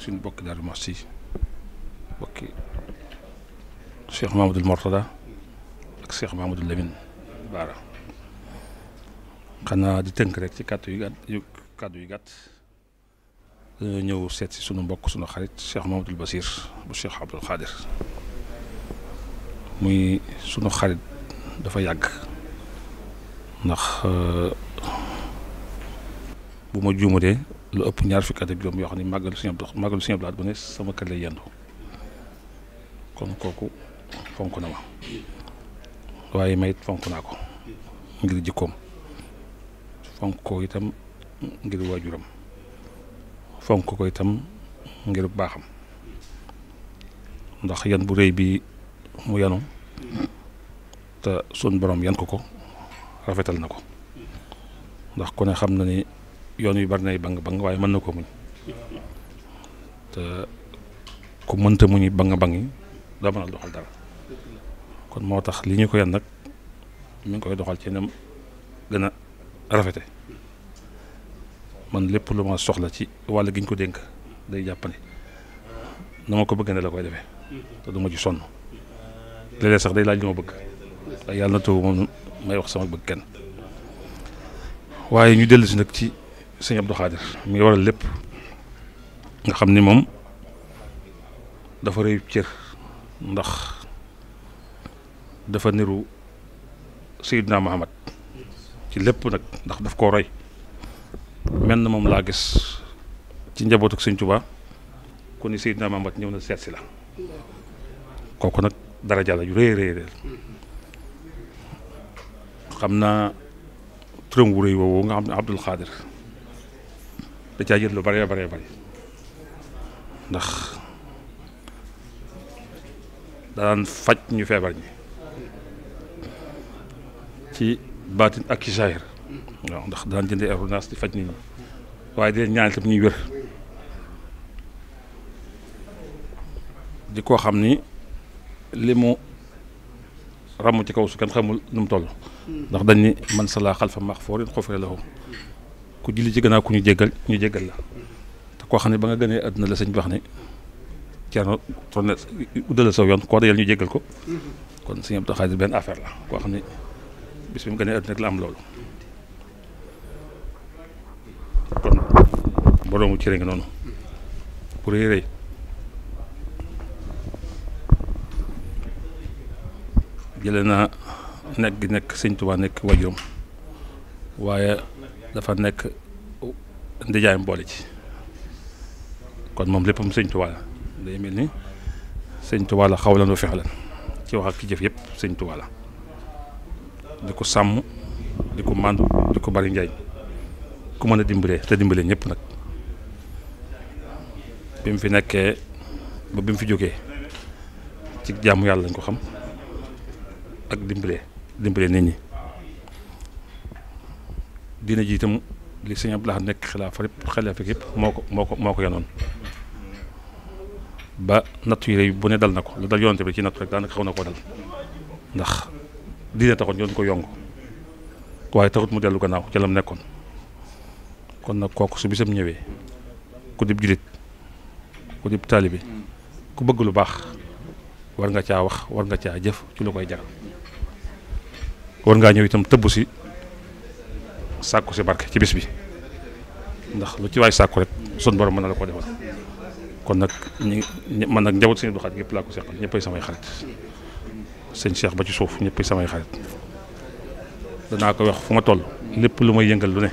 suñu bokki Daaru Muxti bokki Cheikh Mamadou Mortada ak Cheikh Mamadou Lamine Bara xanaa di tënk rek ci kàddu yu gàtt yu ñëw seet si sunu mbokk sunu xarit Cheikh Mamadou Basir bu Cheikh Abdoul Khadir muy sunu xarit dafa yàgg ndax euh, bu ma lu ëpp ñaar fukki at ak juróom yoo xam ne màggalu Sëñ Abdu màggalu Sëñ bu ne sama kër lay yendu kon kooku fonk na ma waaye may fonk naa ko ngir jikkoom fonk ko itam ngir waajuram fonk ko itam ngir baaxam ndax yan bu rëy bi mu yenu te sun borom yan ko ko rafetal na ko ndax ku ne xam na ni yoon wi bari nay bang bang waaye mën na ko muñ te ku mënta muñi bang bang yi doo mën a doxal dara kon moo tax li ñu ko yan nag mi ngi koy doxal ci nam gën a rafete man lépp lu ma soxla ci wàll gi ñu ko dénk day jàppane na ko bëgg ne la koy defee te du ma ci sonn léeg sax day laaj li ma bëgg waaye yàlla na taw may wax sama bëgg kenn waaye ñu dellu si nag ci sëñ Abdou Khadir mi waral lépp nga xam ni moom dafa rëy cër ndax dafa niru Seydina Muhammad ci lépp nag ndax daf koo roy mel na moom laa gis ci njabootu sëñ Tuubaa ku ni Seydina Muhammad ñëw na seet si la kooku nag dara jàll yu rëy rëy rëy xam naa turam wu rëy woowu nga xam ne Abdul Xaadir da caa lu bare bare bare ndax daan faj ñu feebar ñi ci baatin ak ci saahir waaw ndax daan jënde ordonnance di faj ni ñi waaye di leen ñaanal tam ñuy wér di koo xam ni li mu ramu ci kaw su kenn xamul nu mu toll hmm. ndax dañ ni man sala xalfa max foorin xufira lahu ku julli ci gannaaw ku ñu jéggal ñu jéggal la te koo xam ne ba nga gënee àdduna la sëñ bi wax ne ceerno tourné uddalal saw yoon koo ñu jéggal ko kon sëñ Abdou Khadir la koo xam ne bis bi gënee àdduna la am loolu kon boroomu cëre ngi noonu bu rëy rëy jële naa nekk gi nekk sëñ Tuubaa nekk wajuram waaye dafa nekk ndijaayam mboole ci kon moom léppam sëñ Tuubaa la day mel ni sëñ Tuubaa la xawlan wa fi'lan ci wax ak ci jëf yëpp sëñ Tuubaa la di ko sàmm di ko màndu di ko bari njariñ ku mën a dimbalee te dimbalee ñëpp nag bi mu fi nekkee ba bi mu fi jógee ci jàmm yàlla lañ ko xam ak dimbalee dimbalee nit ñi diine ji itam li sëñ Abdou Lahad nekk xilaafa yëpp xilaafa yëpp moo ko moo ko moo ko yanoon ba nattu yi rek bu ne dal na ko lu dal yoonte bi ci nattu rek daanaka xaw na ko dal ndax diine taxoon yoon ko yong waaye taxut mu dellu gannaaw ca lam nekkoon kon nag kooku su bisam ñëwee ku dib julit ku dib taalibi ku bëgg lu baax war nga caa wax war nga caa jëf ci lu koy jaral war ngaa ñëw itam tëbb si sàkku si barke ci bis bi ndax lu ci waay sàkku rek sun borom mën na la ko defal kon nag ñu man nag njaboot sëñ Abdou Khadre ñëpp laa ko seqal ñëppay samay xarit sëñ Cheikh ba ci suuf ñëppay samay xarit danaa ko wax fu ma toll lépp lu may yëngal lu ne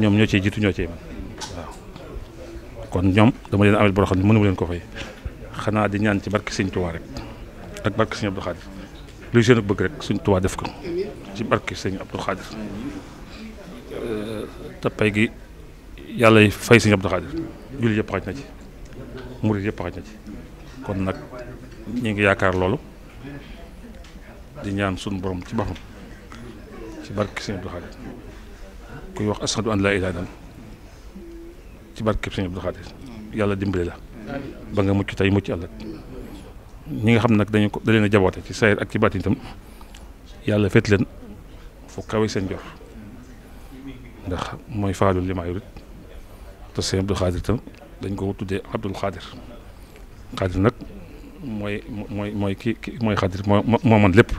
ñoom ñoo cee jiitu ñoo cee man kon ñoom dama leen amal boo xam ne mënu ma leen ko fay xanaa di ñaan ci barke sëñ Tuubaa rek ak barke sëñ Abdou Khadre luy seen bëgg rek sëñ Tuubaa def ko ci barke sëñ Abdou Khadre te pay gi yàlla fay sëñ Abdou Khadir jullit yëpp xaj na ci murit yëpp xaj ci kon nag ñu ngi yaakaar loolu di ñaan suñu borom ci baxam ci barke sëñ Abdou kuy wax ashadu an laa ilaaha illallaah ci barke sëñ Abdou Khadir yàlla dimbali la ba nga mucc tey mucc ëllëg ñi nga xam nag dañu ko da leen jaboote ci sayir ak ci baatin tam yàlla féet leen fu kawe seen jox ndax mooy faalul li ma yurit te sëñ Abdou Khadir itam dañ ko tuddee Abdoul Khadir Khadir nag mooy mooy mooy ki mooy Khadir moo moo mën lépp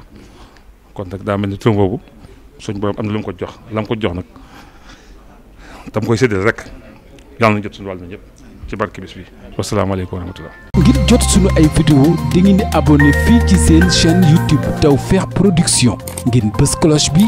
kon nag daa mel ni turam boobu suñ borom am na lu mu ko jox la mu ko jox nag tam koy séddale rek yàlla na jot suñu wàll na ñëpp ci barke bis bi wasalaamaaleykum wa rahmatullah ngir jot suñu ay vidéo di ngeen di fii ci seen chaîne YouTube Tawfekh Production ngeen bës cloche bi